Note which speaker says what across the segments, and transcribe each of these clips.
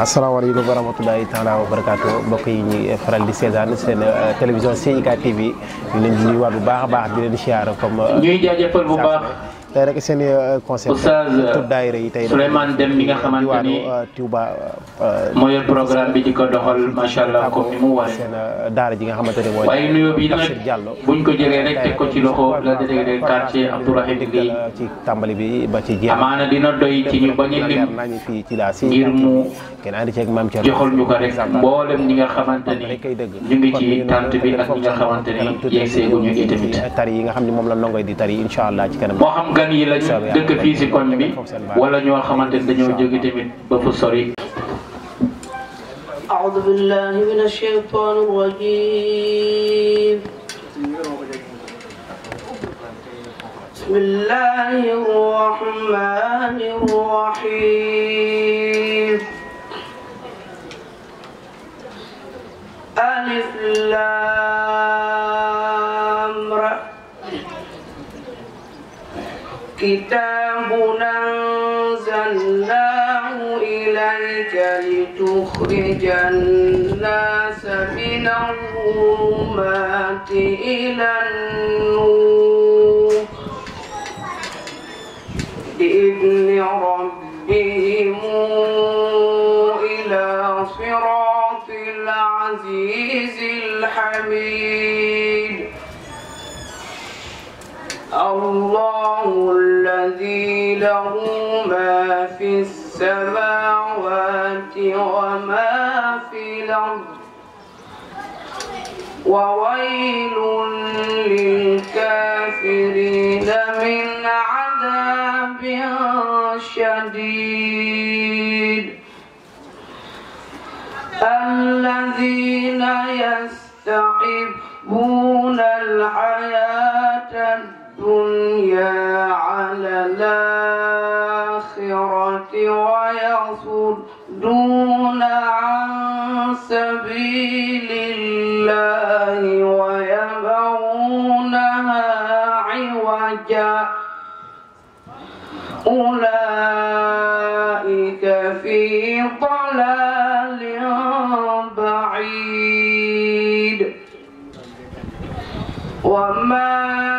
Speaker 1: asalaamaaleykum wa rahmatulahi taala wa barakaatu mbokk yi ñuy faral di seetaan seen euh, télévision CIK TV ñu leen di nuyuwaat bu baax a baax di leen siyaar comme. Euh, ñuy jaajëfal bu baax. tey uh, uh, uh, rek seen conseil pour daayira yi tey Souleymane Dem mi nga xamante Touba moo programme bi di ko doxal macha allah comme ni mu seen daara ji nga bi nag buñ ko jëlee rek teg ko ci loxo la délégué de quartier Abdourahim Li ci tàmbali bi ba ci jeex amaana dina doy ci ñu lim ngir mu andi rek ñi nga ñu ngi ci tante bi ak ñi nga ñu tari yi nga la di tari ci kanam
Speaker 2: gan yi lañu dëkk fii si koñ bi wala ñoo xamante ne dañoo jóge tamit ba fu sori.
Speaker 3: أعوذ بالله من الشيطان الرجيم بسم الله الرحمن الرحيم ألف لام كتاب أنزلناه إليك لتخرج الناس من الظلمات إلى النور بإذن ربهم إلى صراط العزيز الحميد الله الذي له ما في السماوات وما في الأرض وويل للكافرين من عذاب شديد الذين يستحبون الحياة الدنيا على الآخرة ويصدون عن سبيل الله ويبغونها عوجا أولئك في ضلال بعيد وما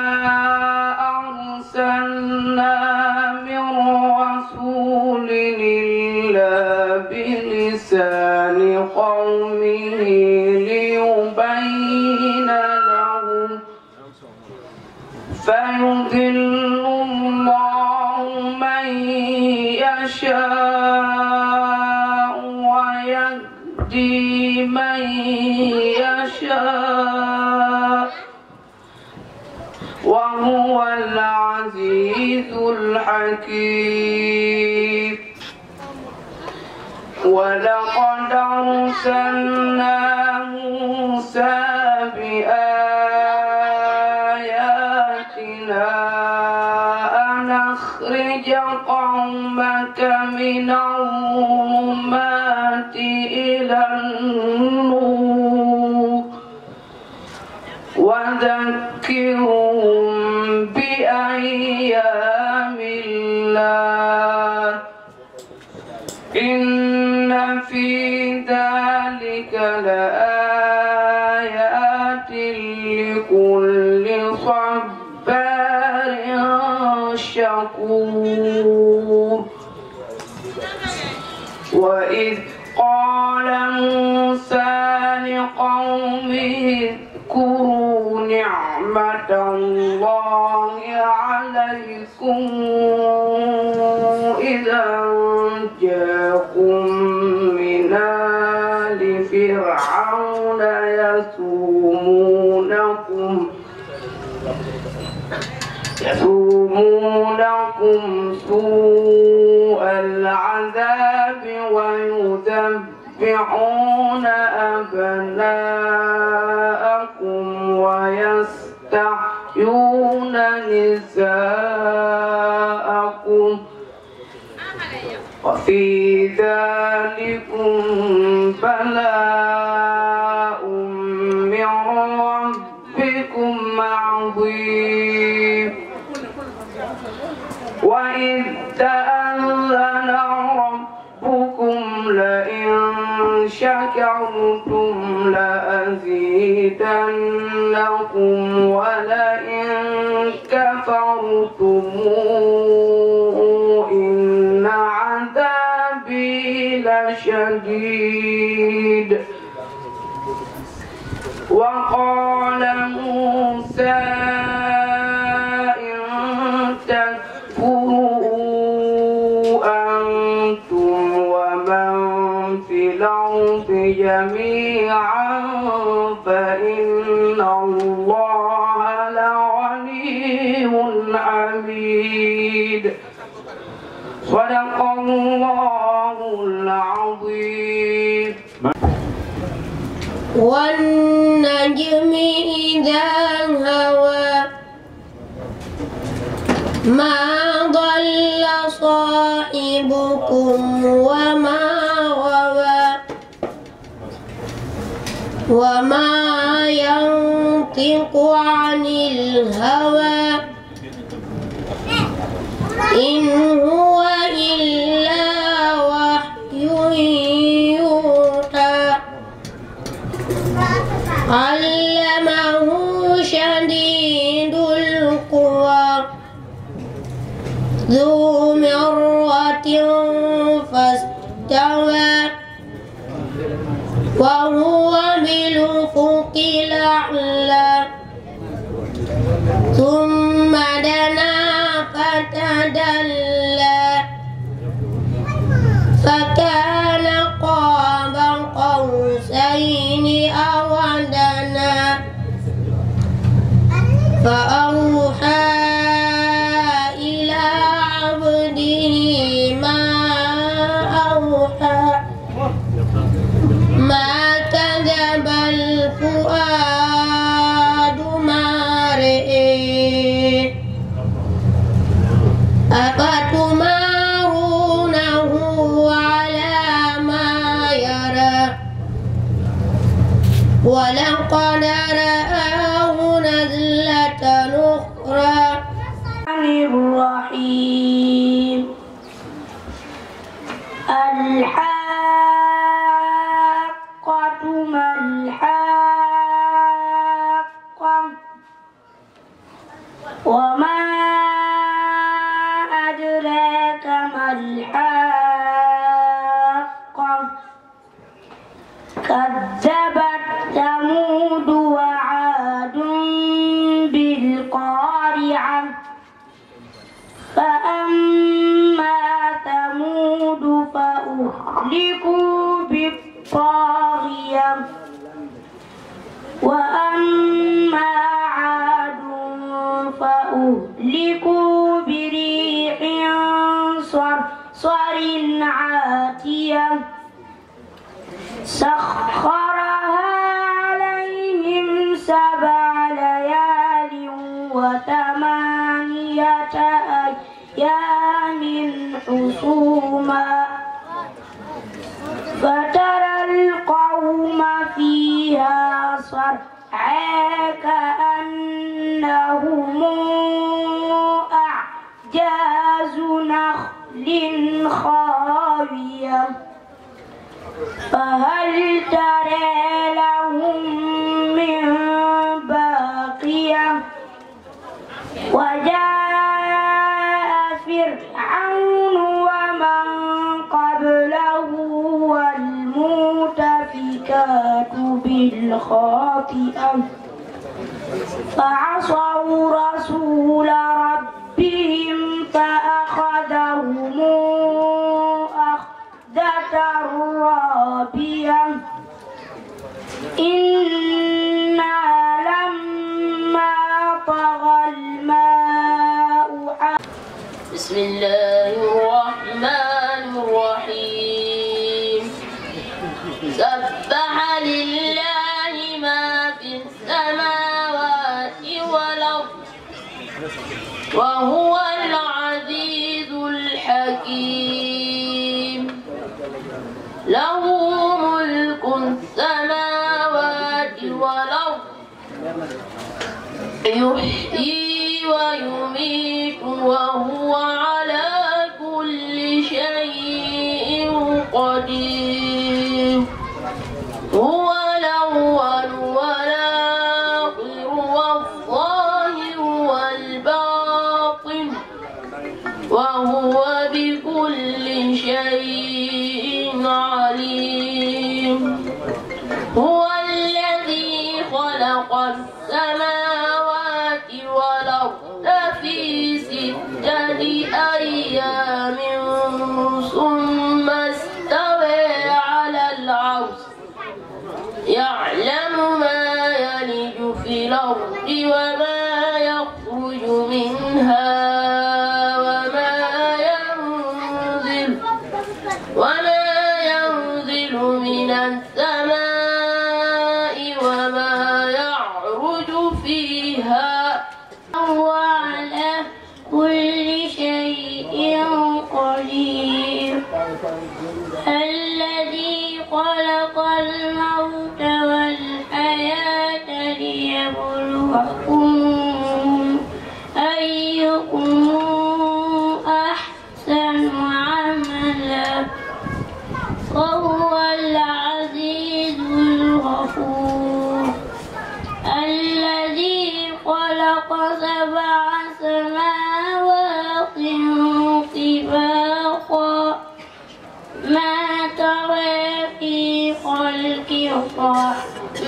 Speaker 3: حكيم ولقد أرسلنا موسى بآياتنا أن أخرج قومك من كل صبار شكور وإذ قال موسى لقومه اذكروا نعمة الله عليكم إذا أنجاكم من آل فرعون يسوع يسومونكم سوء العذاب ويذبحون أبناءكم ويستحيون نساءكم وفي ذلكم بلاء من ربكم عظيم وإذ تأذن ربكم لئن شكرتم لأزيدنكم ولئن كفرتم إن عذابي لشديد وقال موسى صدق الله العظيم والنجم
Speaker 4: إذا هوى ما ضل صاحبكم وما غوى وما ينطق عن الهوى إن هو هو إلا وحي يوحى علمه شديد القوى ذو مرة فاستوى وهو بلقى Uh. a ما الحاقة كذبت ثمود وعاد بالقارعة فأما ثمود فأهلكوا بالطاغية وأما سخرها عليهم سبع ليال وثمانية أيام حسوما فترى القوم فيها صرعا كأنهم أعجاز نخل عدل خاوية فهل ترى لهم من باقية وجاء فرعون ومن قبله والمؤتفكات بالخاطئة فعصوا رسول ربهم e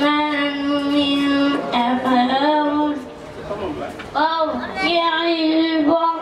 Speaker 4: من أفعال أرجع البعض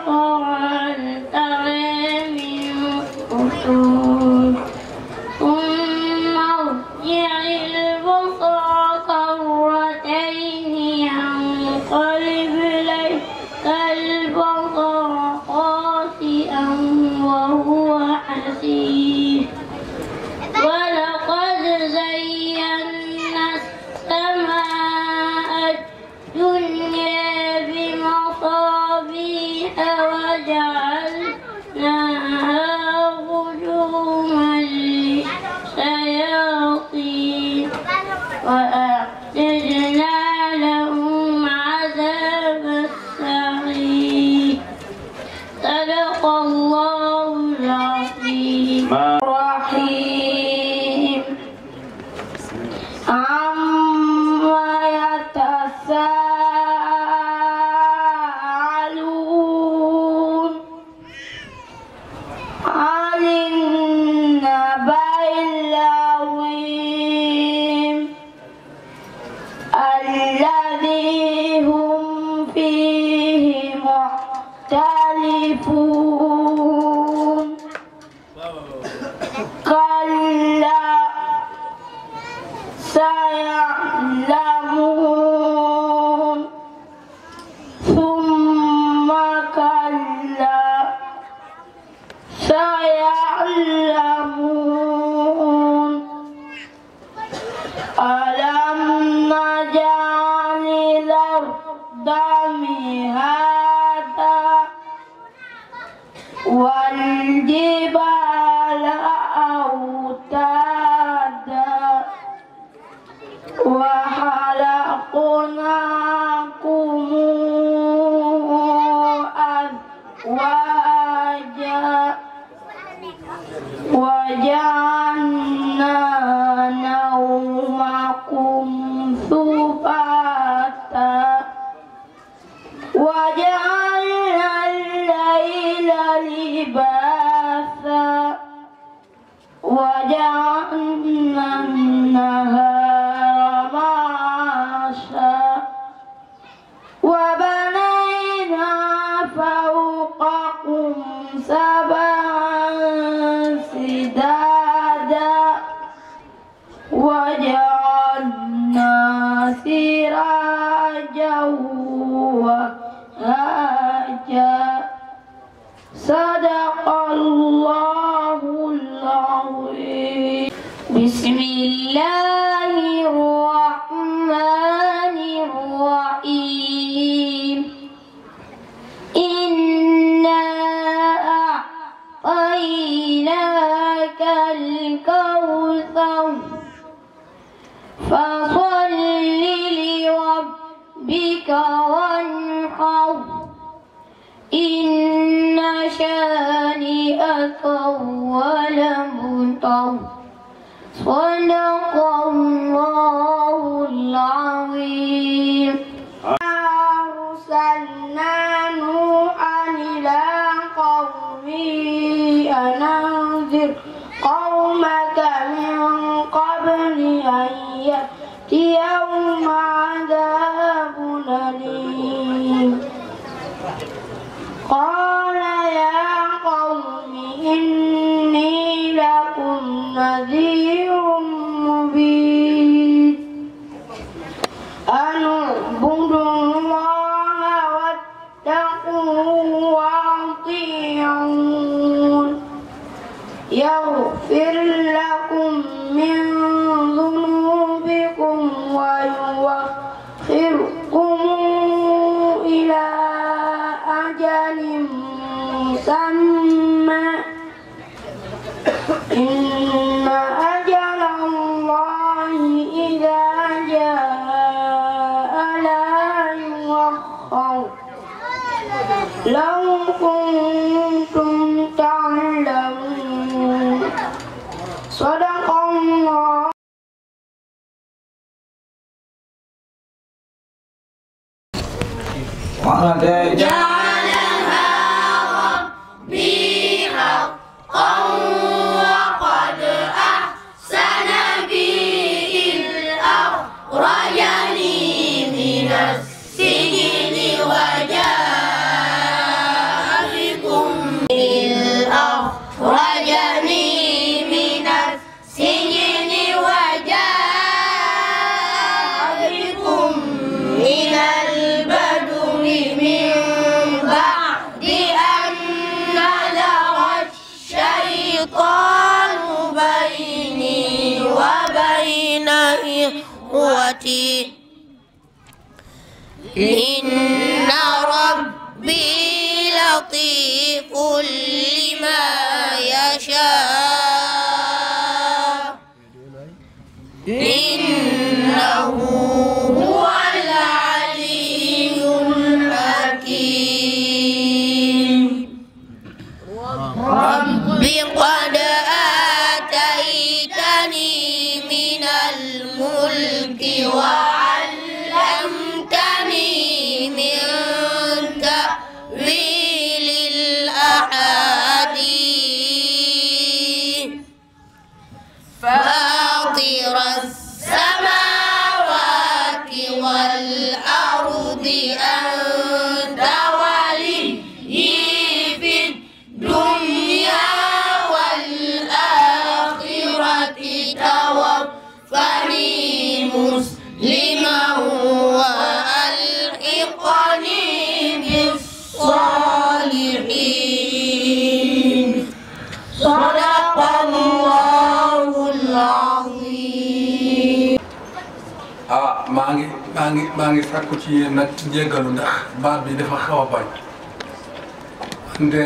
Speaker 4: ربك وانحر إن شانئك هو الأبتر صدق الله العظيم أرسلنا نوحا إلى قومي أنذر قومك من قبل أن يأتي يوم عذاب العالمين قال من السجن وجاء بكم من البدو من بعد أن الشيطان بيني وبين إخوتي إن ربي لطيف لما Russia. توفني مسلما وألحقني بالصالحين صدق الله العظيم
Speaker 5: ah maa ngi maa ngi maa ngi sàkku ci yéen nag ndax baat bi dafa xaw a bañ nde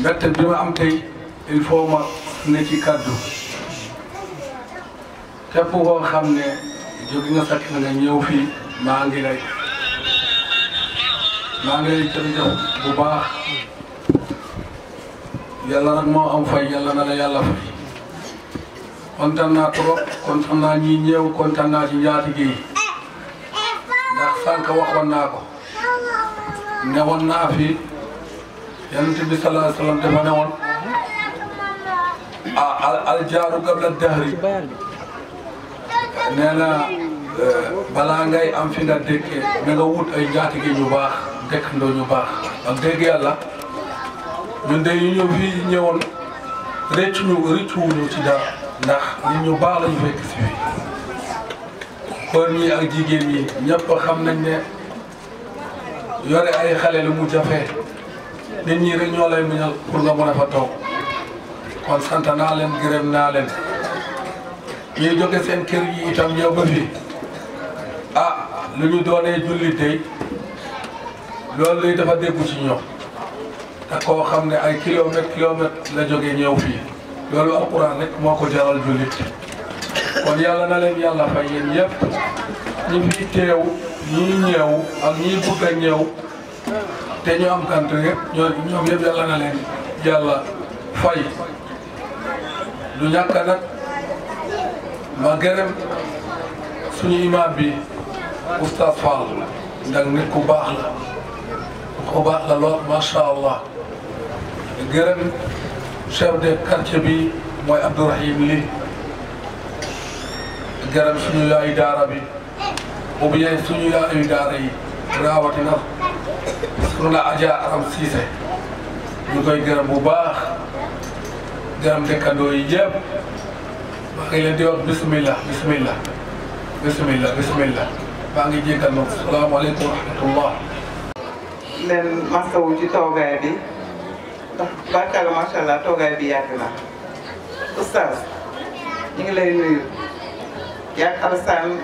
Speaker 5: mbette bi ma am tey il faut ne ci kàddu képp koo xam ne jóge nga sakk na nga ñëw fii maa ngi lay maa ngi lay jërëjëf bu baax yàlla nag moo am fay yàlla na la yàlla fay kontaan naa trop kontaan naa ñi ñëw kontaan naa ci njaatige yi ndax sànq waxoon naa ko ne woon fi yonent bi sallallahu alayhi wa sallam dafa al jaaru qabla dahri nee na euh, balaa ngay am fi nga dëkkee na nga wut ay njaatige ñu baax dëkk ndoo ñu baax ak dégg yàlla ñun de yu ñëw fii ñëwoon réccu ñu ci dara ndax nit ñu baax lañu fekk si fii kon ñi ak jigéen yi ñëpp xam nañ ne yore ay xale lu mu jafee nit ñi rek ñoo lay muñal pour nga mën a toog kon sant naa leen gërëm naa leen ñuy jóge seen kër yi itam ñëw ba fii ah lu ñu doonee julli tey loolu dafa déggu ci ñoom te koo xam ne ay kilomètre kilomètre la jógee ñëw fii loolu alquran rek moo ko jaral jullit kon yàlla na leen yàlla fay yéen ñi fi teew ñii ñëw ak ñii bëgg a te ñu am kant rek ñoom yëpp yàlla na leen yàlla fay du ñàkk nag مغرم سني امام بي استاذ فاضل داك نيت كو باخ لا كو باخ لا لو ما شاء الله غرم شاب دي كارتي بي موي عبد الرحيم لي غرم ngay leen di wax bismillah bismillah bismillah bismillah maa ngi jéggal moom salaamaaleykum wa rahmatullah leen masawu ci toogaay bi
Speaker 6: ndax barkala macha allah toogaay bi yàgg na oustaz ñu ngi lay nuyu yàgg Alassane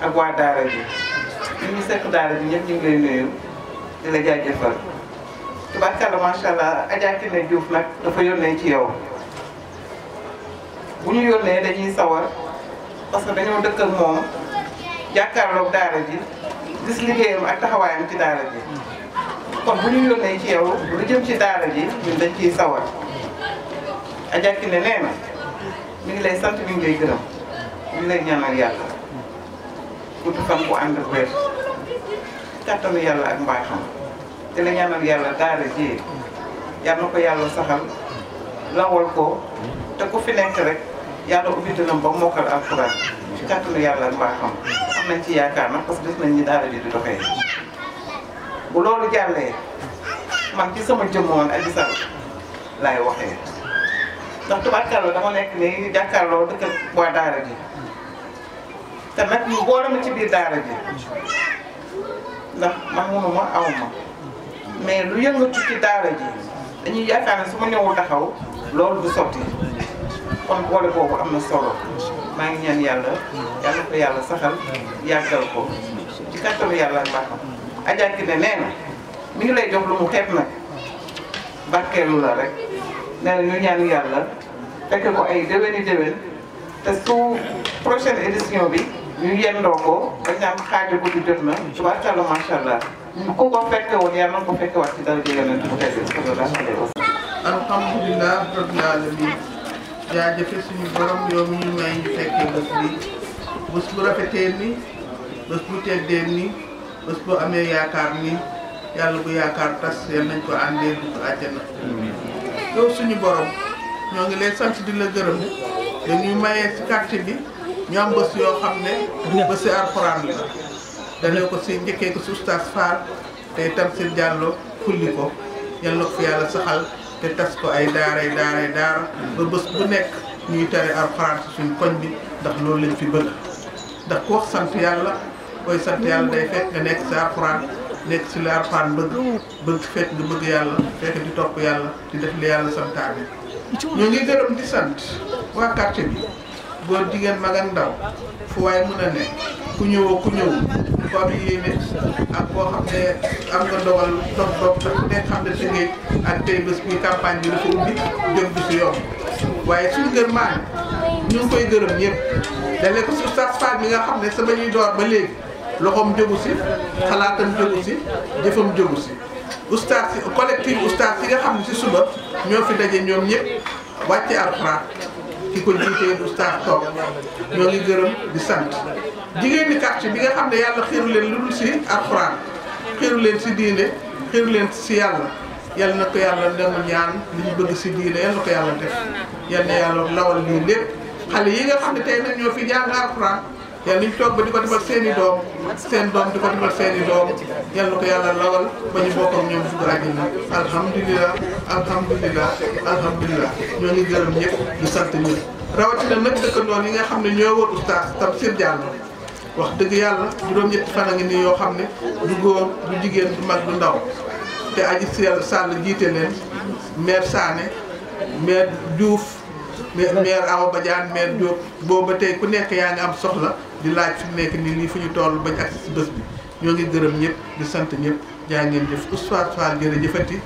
Speaker 6: ak waa daara bi ñun ñu sekk daara bi ñëpp ñu ngi lay nuyu di la jaajëfal barkala macha allah Adja Kine Diouf nag dafa yónnee ci yow bu ñu yónnee dañuy sawar parce que dañoo dëkk ak moom jàkkaarloog daara ji gis liggéeyam ak taxawaayam ci daara ji kon bu ñu yónnee ci yow lu jëm ci daara ji ñun dañ ciy sawar Adja Kine nee na mi ngi lay sant bi ngi lay gërëm mi ngi lay ñaanal yàlla gudd fan bu ànd ak wér kàttanu yàlla ak mbaaxam di la ñaanal yàlla daara ji yàlla ko yàlla saxal lawal ko te ku fi nekk rek. yàlla ubbi dina ba mokkal alxuraan ci kàttanu yàlla ak mbaaxam am nañ ci yaakaar na parce que def nañ ni daara ji di doxee bu loolu jàllee man ci sama jëmmoon ak gisal laay waxee ndax tubaarkàlla dama nekk nii jàkkaarloo dëkk ak waa daara ji te nag ñu boole ci biir daara ji ndax man mënuma aw ma mais lu yëngatu ci daara ji dañuy yaakaar ne su ma ñëwul taxaw loolu du sotti kon boole boobu am na solo maa ngi ñaan yàlla yàlla ko yàlla saxal yàggal ko ci kattalu yàlla ak baaxam ajanki ne nee na mi ngi lay jox lu mu xeeb nag barkeelu la rek nee na ñu ñaan yàlla fekk ko ay déwéni déwén te su prochaine édition bi ñu yendoo ko ba ñaam xaaju ko di jot na tubaarkàlla macha allah ku ko fekke woon yàlla na ko fekke waat ci dara jege na bu tedd sallallahu
Speaker 7: alayhi wa sallam alhamdulilah jaa jaajëfe suñu borom yow mi ñu may ñu fekkee bés bi bés bu rafetee ni bés bu teddee ni bés bu amee yaakaar ni yàlla bu yaakaar tas yal nañ ko àndee dugg àjjana yow suñu borom ñoo ngi lay sant di la gërëm dañuy mayee ci carte bi ñu am bés yoo xam ne bési alxuraan la dañoo ko si njëkkee ko si Oustaz Fall te Tamsir Diallo fulli ko yal ko fi yàlla saxal te tas ko ay daaray daaray daara ba bés bu nekk ñuy tari alxuraan ci suñ koñ bi ndax loolu lañ fi bëgg ndax ku wax sant yàlla koy sant yàlla day fekk nga nekk ci alxuraan nekk ci li alxuraan bëgg bëgg fekk nga bëgg yàlla fekk di topp yàlla di def li yàlla santaane ñoo ngi gërëm di sant waa quartier bi góor jigéen mag ndaw fu waaye mën a nekk ku ñëwoo ku ñëw ko am yéene ak koo xam ne am nga dogal topp topp te ku nekk xam ne sa ngeej ak tey bés bi campagne bi dafa ubbi jëm bi si yoon waaye suñu gën maan ñu ngi koy gërëm ñëpp dalee ko su sas faat nga xam ne sama ñuy door ba léegi loxoom jógu si xalaatam jógu si jëfam jógu si oustaz collectif oustaz yi nga xam ne si suba ñoo fi daje ñoom ñëpp wàcce alxuraan ki ko jiitee oustaz toog ñoo ngi gërëm di sant jigéen ñi quartier bi nga xam ne yàlla xiiru leen lu dul si alxuraan xiiru leen si diine xiiru leen si yàlla yal na ko yàlla nangu ñaan li ñu bëgg si diine yal na ko yàlla def yal na yàlla lawal lii lépp yi nga xam ne tey nag ñoo fi jàng alxuraan yal di ko defal seen i doom seen doom di ko defal seen i doom yal na ko yàlla lawal ba ñu bokk ak ñoom dugg àjjana alhamdulilah alhamdulilah alhamdulilah ñoo ngi gërëm ñëpp di sant ñëpp rawatina nag dëkkandoon yi nga xam ne ñoo wër oustaz Tamsir Diallo wax dëgg yàlla juróom-ñetti fan a ngi nii yoo xam ne du góor du jigéen du mag du ndaw te aji sell sàll jiite leen maire Sané maire Diouf maire Awa Badiane maire Diop booba tey ku nekk yaa ngi am soxla di laaj fi nekk nii lii fu ñu toll bañ ak si bés bi ñoo ngi gërëm ñëpp di sant ñëpp jaa ngeen jëf Oustaz Fall jërëjëfati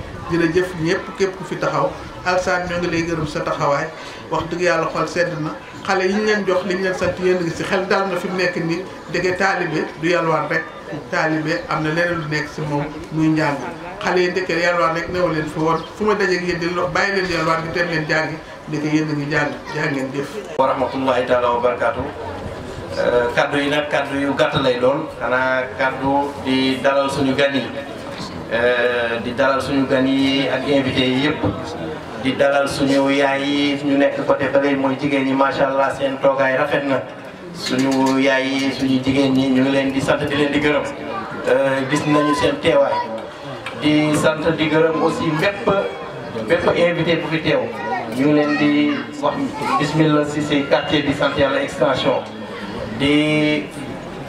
Speaker 7: jëf ñëpp képp ku fi taxaw alsaan ñoo ngi lay gërëm sa taxawaay wax dëgg yàlla xol sedd na xale yi ñu leen jox li ñu sa ti yéen ngi si xel daal na fi mu nekk nii dëgg taalibe du yalwaan rek taalibe am na leneen lu nekk si moom muy njàng xale yi ndekkee yalwaan rek neew leen fi woon fu ma dajeeg yéen di bàyyi leen yalwaan gi dem leen jàngi ndekkee yéen a ngi jàng jàngeen jëf wa rahmatullahi taala wa barakaatu euh, kaddu yi nag kàddu yu gàtt lay doon xanaa kaddu
Speaker 8: di dalal suñu gan yi euh, di dalal suñu gan yi ak invité yi yëpp di dalal suñu yaay yi ñu nekk côté bële mooy jigéen ñi macha allah seen toogaay rafet na suñu yaay yi suñu jigéen ñi ñu ngi leen di sant di leen di gërëm euh, gis nañu seen teewaay di sant di gërëm aussi bépp bépp invité bu fi teew ñu ngi leen di wax bismillah si si quartier di sant yàlla extension di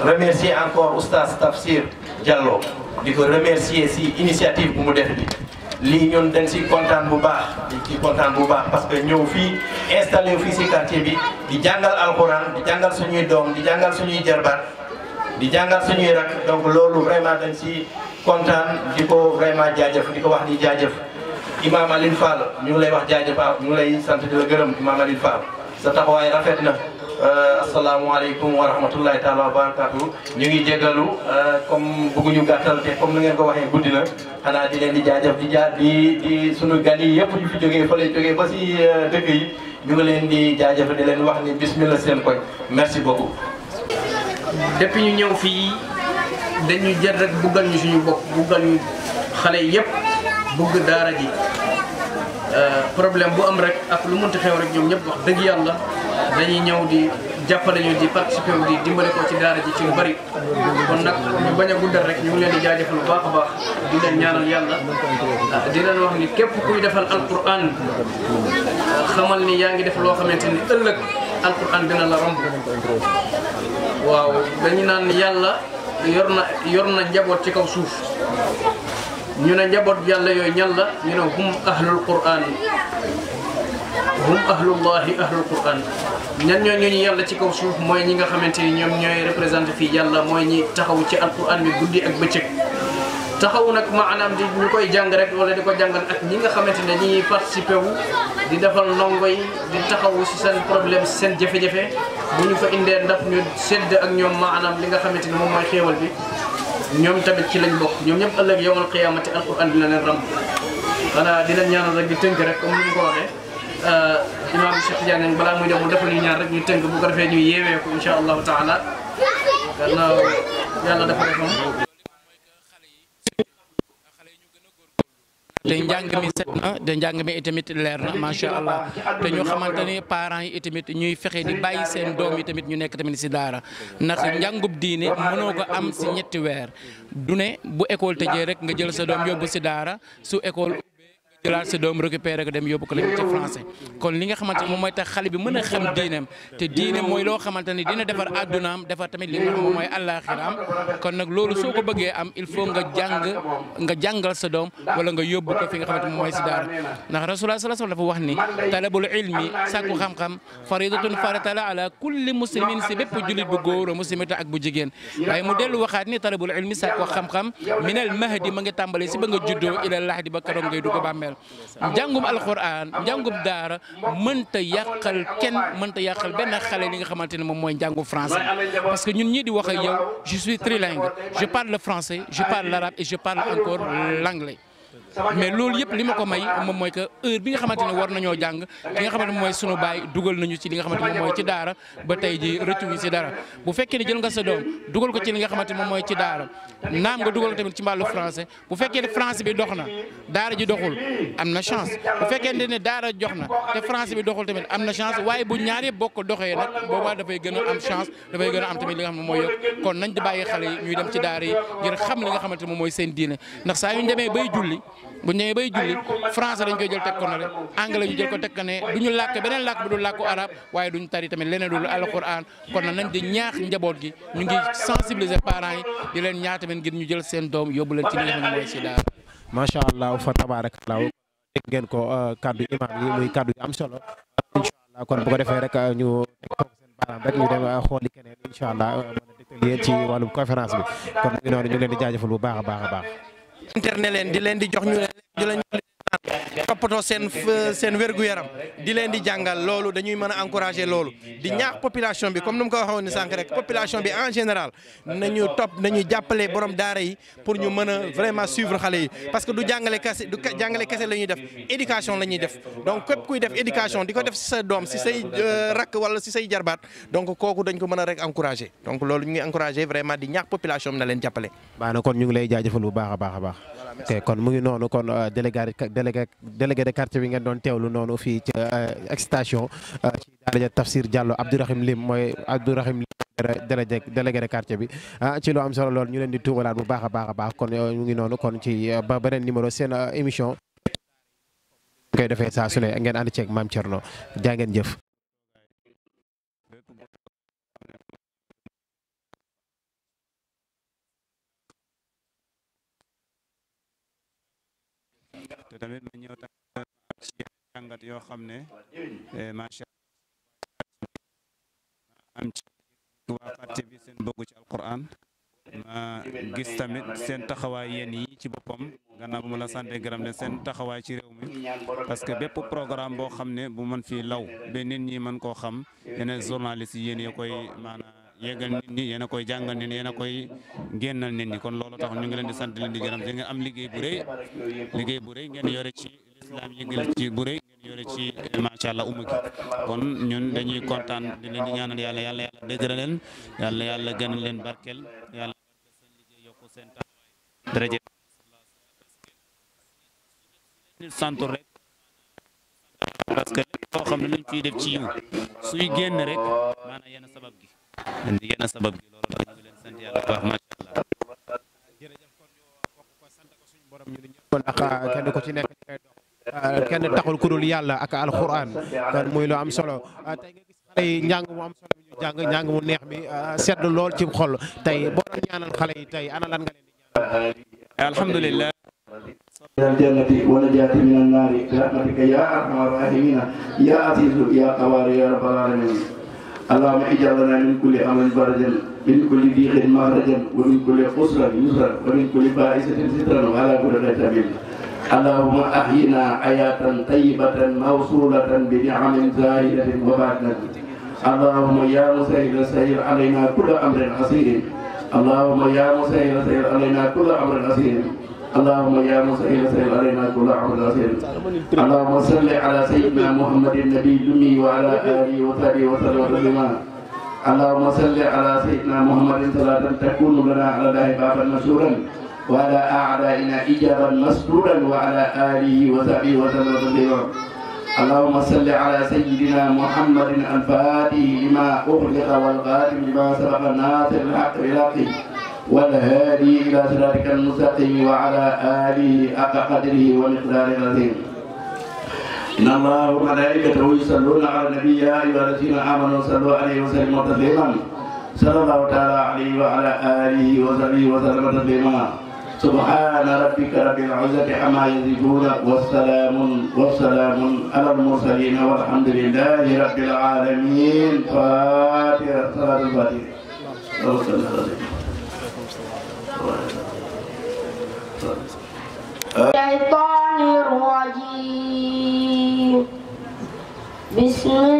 Speaker 8: remercier encore oustaz Tafsir Diallo di ko remercier si initiative bu mu def bi lii ñun dañ si kontaan bu baax dañ si kontaan bu baax parce que ñëw fii installé fii si quartier bi di jàngal alxuraan di jàngal suñuy doom di jàngal suñuy jarbaat di jàngal suñuy rak donc loolu vraiment dañ si kontaan di ko vraiment jaajëf di ko wax ni jaajëf Imam Aline Fall ñu ngi lay wax jaajëf ñu ngi lay sant di la gërëm Imam Aline Fall sa taxawaay rafet na. Euh, asalaamaaleykum wa rahmatullahi taala wa barakatuh ñu ngi jégalu euh, comme bëgguñu gàttal te comme ni ngeen ko waxee guddi na xanaa di leen di jaajëf di jaar di sunu gan yi yëpp ñu fi jógee fa lay jógee ba si euh, yi ñu ngi leen di jaajëf di leen wax ni bismillah seen koy merci beaucoup.
Speaker 9: depuis ñu ñëw fii dañu jël rek buggal ñu suñu bopp buggal ñu xale yëpp bugg daara ji. Eh, problème bu am rek ak lu mënta xew rek ñoom ñëpp wax dëgg yàlla dañuy ñëw di jàppale ñu di participer wu di dimbale ko ci daara ji ci lu bari kon nag ñu bañ guddal rek ñu leen di jaajëfal bu baax a baax di leen ñaanal yàlla ah, di leen wax ni képp kuy defal alquran xamal ni yaa ngi def loo xamante ni alquran dina la romb waaw dañu naan yàlla yor na yor ci kaw suuf ñu ne njaboot yàlla yooyu ñan la ñu ne hum ahlul qur'an hum ahlullahi ahlul qur'an ñan ñoo ñu yàlla ci kaw suuf mooy ñi nga xamante ni ñoom ñooy représenté fii yàlla mooy ñi taxaw ci alquran bi guddi ak bëccëg taxaw nag maanaam di ñu koy jàng rek wala di ko jàngal ak ñi nga xamante ne dañuy participé wu di defal ndongo di taxawu si seen problème seen jafe-jafe bu ñu fa indee ndax ñu sedd ak ñoom maanaam li nga xamante ni moom mooy xéewal bi ñoom tamit ci lañ bokk ñoom ñëpp ëllëg yowmal qiyaamati alquran dina leen ràmb xanaa dina ñaanal rek di tënk rek comme ni mu ko waxee euh, imaam Cheikh Tidiane balaa muy dem mu defal ñu ñaan rek ñu tënk bu ko defee ñu yeewee ko incha allahu taala gannaaw yàlla dafa defam te njàng mi set
Speaker 2: na te njàng mi itamit leer na macha allah te ñu xamante ni parents yi itamit ñuy fexe di bàyyi seen doom yi tamit ñu nekk tamit si daara ndax njàngub diine mënoo ko am si ñetti weer du ne bu école tëjee rek nga jël sa doom yóbbu si daara su école jëlaat sa doom récupéré ko dem yóbbu ko lañ ca français kon li nga xamante ne moom mooy tax xale bi a xam diineem te diine mooy loo xamante ne dina defar àddunaam defar tamit li nga xam moom mooy àllaaxiraam kon nag loolu soo ko bëggee am il faut nga jàng dafa wax ni talabul ilmi sàkku xam-xam xam-xam mahdi ma nga tàmbalee si ba nga juddoo ilal lahdi ba keroog ngay dugg bàmmeel mel Al Quran, njàngum daara meunta yakal Ken, meunta yakal ben xalé li nga xamante mom moy français parce que ñun ñi di wax ak yow je suis trilingue je parle le français je parle l'arabe et je parle encore l'anglais mais loolu yëpp li ma ko may moom mooy que heure bi nga xamante ne war nañoo jàng li nga xamante ne mooy sunu baay dugal nañu ci li nga xamante moom mooy ci daara ba tey ji rëccu gi ci bu fekkee ne jël nga sa doom dugal ko ci li nga xamante moom mooy ci daara naam nga dugal tamit ci mbàllu français bu fekkee ne bi na daara ji doxul am na chance bu fekkee ne daara jox na te français bi doxul tamit am na chance waaye bu ñaar yëpp bokk doxee nag boobaa dafay gën a am chance dafay gën a am tamit li nga kon nañ di bàyyi xale yi ñuy dem ci xamante moom mooy seen diine ndax saa yu demee bay julli bu ñëwee bay julli français dañ koy jël teg ko ne anglais ñu jël ko teg ko ne du ñu làkk beneen làkk bu dul làkku arab waaye duñ tari tamit leneen dul alquran kon na nañ di ñaax njaboot gi ñu ngi sensibiliser parents yi di leen ñaax tamit ngir ñu jël seen doom yóbbu leen ci li nga xam ne mooy si daara
Speaker 1: macha allah fa tabarakallah dégg ngeen ko euh, kaddu imam yi muy kaddu yu am solo incha allah kon bu ko defee rek euh, ñu teg seen baaraam rek ñu dem euh, xooli keneen incha allah mën a dégtal yéen bi kon ñu noonu leen di jaajëfal bu baax a baax a
Speaker 8: internet leen di leen di jox ñu leen toppatoo seen euh, seen wér-gu-yaram di leen di jàngal loolu dañuy mën a encourager loolu di ñaax population bi comme ni mu ko waxoon ni sànq rek population bi en général nañu topp nañu jàppale borom daara yi pour ñu mën a vraiment suivre xale yi parce que du jàngale kese du jàngale kese la ñuy def éducation la ñuy def donc képp kuy def éducation di ko def si sa doom si say euh, rakk wala si say jarbaat donc kooku dañ ko mën a rek encourager donc loolu ñu ngi encourager vraiment di ñaax population bi leen jàppale.
Speaker 1: baax na kon ngi lay jaajëfal bu baax a a baax. kon mu ngi noonu kon euh, délégué délégué délégué de quartier bi ngeen doon teewlu noonu fii ci euh, excitation euh, ci daara Tafsir Diallo Abdourahim Lim mooy Abdourahim Lim délégué délégué de quartier bi a ah, ci lu am solo lool ñu leen di tuubalaat bu baax a baax a baax kon euh, ñu ngi noonu kon ci ba beneen numéro seen émission koy defee saa su ne ngeen ànd ceeg Mame Thierno jaa jëf
Speaker 6: tamit ma ñëw tam ci
Speaker 1: jàngat yoo xam ne eh,
Speaker 6: macha allah ci bi seen bëgg ci alquran ma gis
Speaker 1: tamit seen taxawaay yéen yi ci boppam gannaaw bu ma a sante gërëm ne seen taxawaay ci réew mi parce que bépp programme boo xam ne bu mën fi law ba nit ñi mën koo xam yeneen journaliste yi koy maanaam yéegal nit ñi yéen a koy jàngal nit ñi yéen a koy génnal nit ñi kon loolu tax ñu ngi leen di sant leen di gërëm te ngeen am liggéey bu rëy liggéey bu rëy ngeen yore ci lislaam yéegal ci bu rëy ngeen ci macha allah umma gi kon ñun dañuy kontaan di leen di ñaanal yàlla yàlla yàlla dëgëral leen yàlla yàlla gën leen barkeel yàlla seen liggéey yokku seen
Speaker 10: taxawaay sant rek parce que loo xam ne luñ ciy def ci yiw suy génn rek maanaam yenn sabab gi
Speaker 5: yéen a sabab
Speaker 2: ah, kenn ku ci nekk ah, taxul ku dul yàlla ak alquran kon muy lu am solo ah, tey nga gis
Speaker 1: xale yi njàng mu neex mi sedd lool ci xol tey boo doon ñaanal xale yi tey ana nga leen di ñaanal.
Speaker 6: alhamdulilah.
Speaker 10: من الجنة اللهم اجعل لنا من كل امر فرجا من كل ضيق مخرجا ومن كل قصر يسرا ومن كل بائسة سترا وعلى كل كتاب اللهم احينا حياة طيبة موصولة بنعم زائدة وبارك اللهم يا مسهل سهل علينا كل امر عسير اللهم يا مسهل سهل علينا كل امر عسير Allahumma ya musa'il ya sa'il alayna kula ahmad Allahumma salli ala sayyidina muhammadin nabi dumi wa ala ahli wa sahbihi wa sallam wa sallimah Allahumma salli ala sayyidina muhammadin salatan takunu lana ala dahi bapan masyuran wa ala a'adaina ijaran wa ala ahli wa sahbihi Allahumma salli ala sayyidina muhammadin al lima uhliqa wal-ghatim lima sabaka nasir al-haqq ilaqih والهادي إلى صراطك المستقيم وعلى آله حق قدره ومقدار العظيم إن الله وملائكته يصلون على النبي يا أيها الذين آمنوا صلوا عليه وسلموا تسليما صلى الله تعالى عليه وعلى آله وصحبه وسلم تسليما سبحان ربك رب العزة عما يصفون والسلام والسلام على المرسلين والحمد لله رب العالمين فاتحة الصلاة الفاتحة
Speaker 4: Bismillahirrahmanirrahim.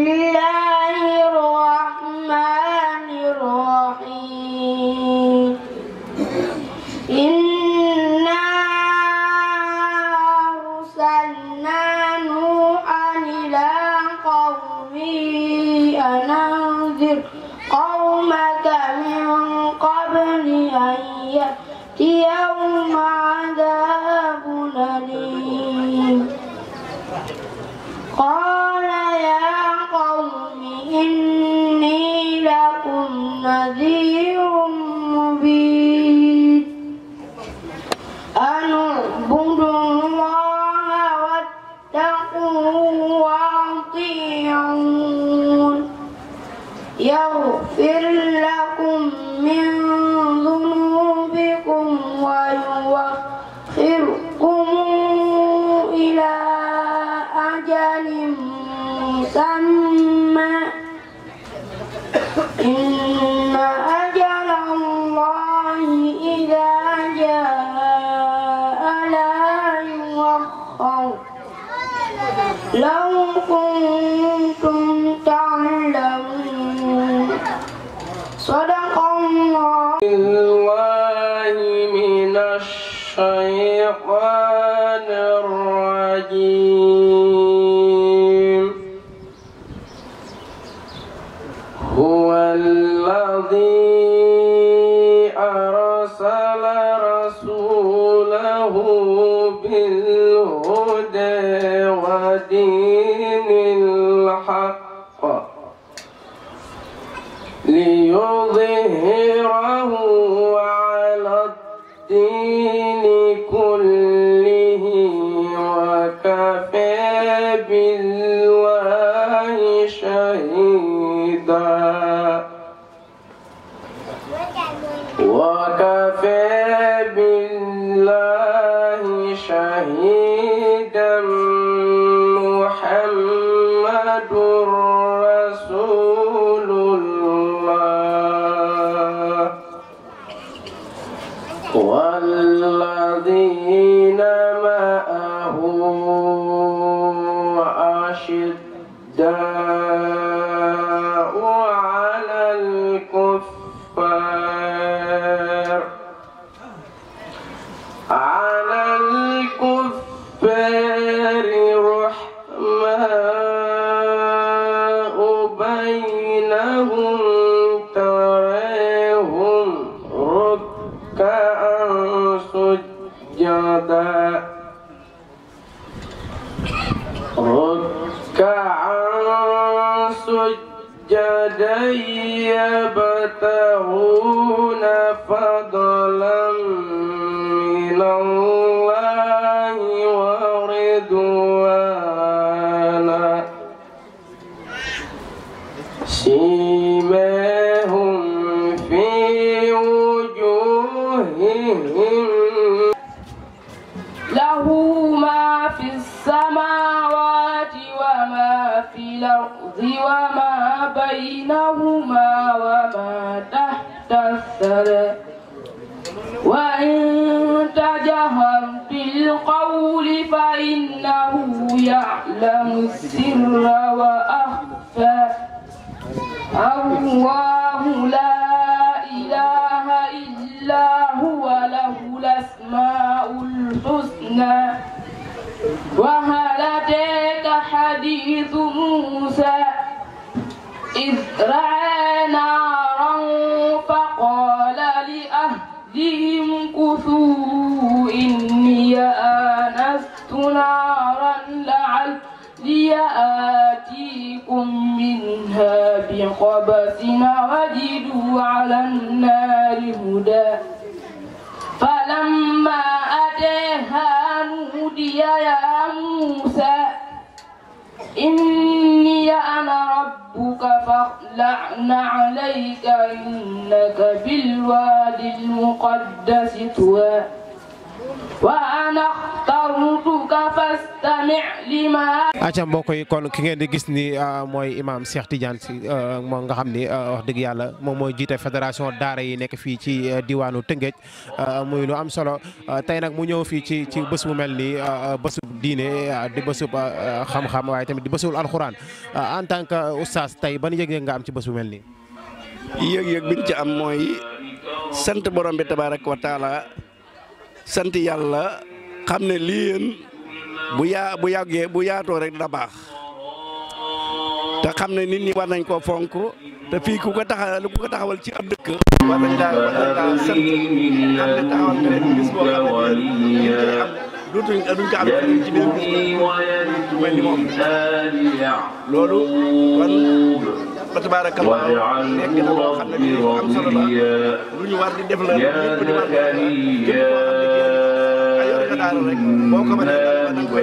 Speaker 4: لو كنتم تعلمون صدق الله من
Speaker 11: الشيطان الهدى ودين الحق ليظهره على الدين كله وكفى بالله da
Speaker 12: بينهما وما تحت السر وإن تجهر بالقول فإنه يعلم السر وأخفى الله لا إله إلا هو له الأسماء الحسنى وهل أتاك حديث موسى رعى نارا فقال لأهلهم كثوا إني آنست نارا لعلي آتيكم منها بقبس وجدوا على النار هدى فلما أتيها نودي يا موسى إني أنا ربك فاخلعن عليك إنك بالوادي المقدس طوى وأنا اخترتك فاستمع لما
Speaker 1: acca mbokk yi kon ki ngeen di gis ni euh, mooy imaam Cheikh Tidiane si euh, moom nga xam ni euh, wax dëgg yàlla moom mooy jiite fédération daara yi nekk fii ci diwaanu Tëngéej muy lu am solo tey nag mu ñëw fii ci ci bés bu mel nii bésub diine di bésub xam-xam waaye tamit di bésul alxuraan en tant que oustaz tey ban yëg-yëg nga am ci bés mel nii.
Speaker 10: yëg-yëg biñ ci am mooy sant borom bi tabaaraka wa taala sant yalla xam ne lii bu yaa bu yàggee bu yaatoo rek dina baax te xam nit ñi war nañ te ku ko taxawal ku ko taxawal ci ab dëkk war nañ daal war nañ daal sant xam ne taxawal nga bis boo xam ne dutuñ
Speaker 11: am ci ni
Speaker 10: kon tabarakallah na am solo la war di def la di Dakar rek boo allah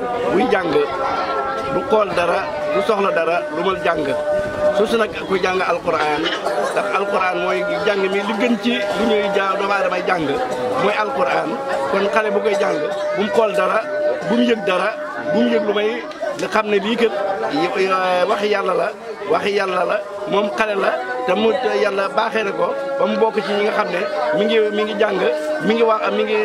Speaker 10: allah du xool dara du soxla dara lu mal jàng su su nag ku jàng alquran ndax alquran mooy jàng mi li gën ci li ñuy jaa doomu aadamay jàng mooy alquran kon xale bu koy jàng bu mu xool dara bu mu yëg dara bu mu yëg lu may nga xam ne lii kat waxi yàlla la waxi yàlla la moom xale la te mu yàlla baaxee na ko ba mu bokk ci ñi nga xam ne mi ngi mi ngi jàng mi ngi wax mi ngi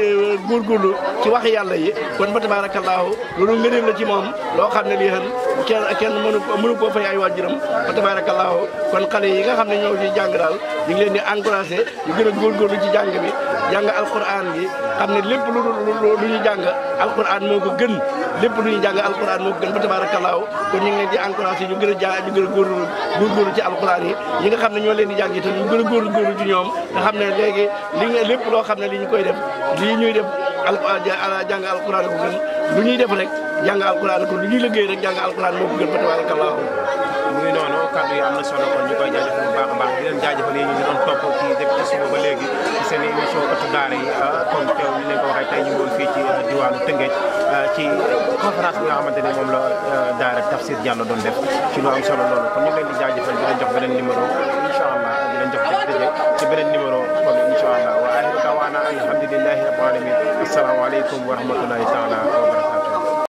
Speaker 10: góorgóorlu ci wax yàlla yi kon fa tabaarakallaahu loolu ngëneel la ci moom loo xam ne lii xën kenn kenn mënu mënu koo fay ay waajuram fa tabaarakallaahu kon xale yi nga xam ne ñoo ci jàng daal ñu ngi leen di encouragé ñu gën a góorgóorlu ci jàng bi jàng alquran bi xam ne lépp lu lu ñu jàng alquran moo ko gën lépp lu ñu jàng alquran moo ko gën fa tabaarakallaahu kon ñu ngi leen di encouragé ñu gën a jàng ñu a góorgóorlu góorgóorlu ci a ci ñoom nga xam ne léegi li lépp loo xam ne li ñu koy def lii ñuy def al ah, jàng alquran ko gën lu ñuy def rek jàng alquran ko lu ñuy liggéey rek jàng alquran moo ko gën fatabarakallaahu mu ngi noonu kàddu yi am na solo kon
Speaker 1: ñu koy jaajëfal bu baax a baax di leen jaajëfal yéen ñu ngi doon topp ci depuis suba ba léegi ci seen émission ëttu daara yi ah, comme teew ñu leen ko waxee tey ñu ngi fii ci ah, diwaanu Tëngéej ci conférence bi nga xamante ni moom la daara Tafsir Diallo doon def ci lu am solo loolu kon ñu leen di jaajëfal di leen jox beneen numéro beneen numéro kon incha allah wa aaxiru da'waanaa alhamdulillahi rabbil aalamiin asalaamaaleykum wa rahmatulahi taala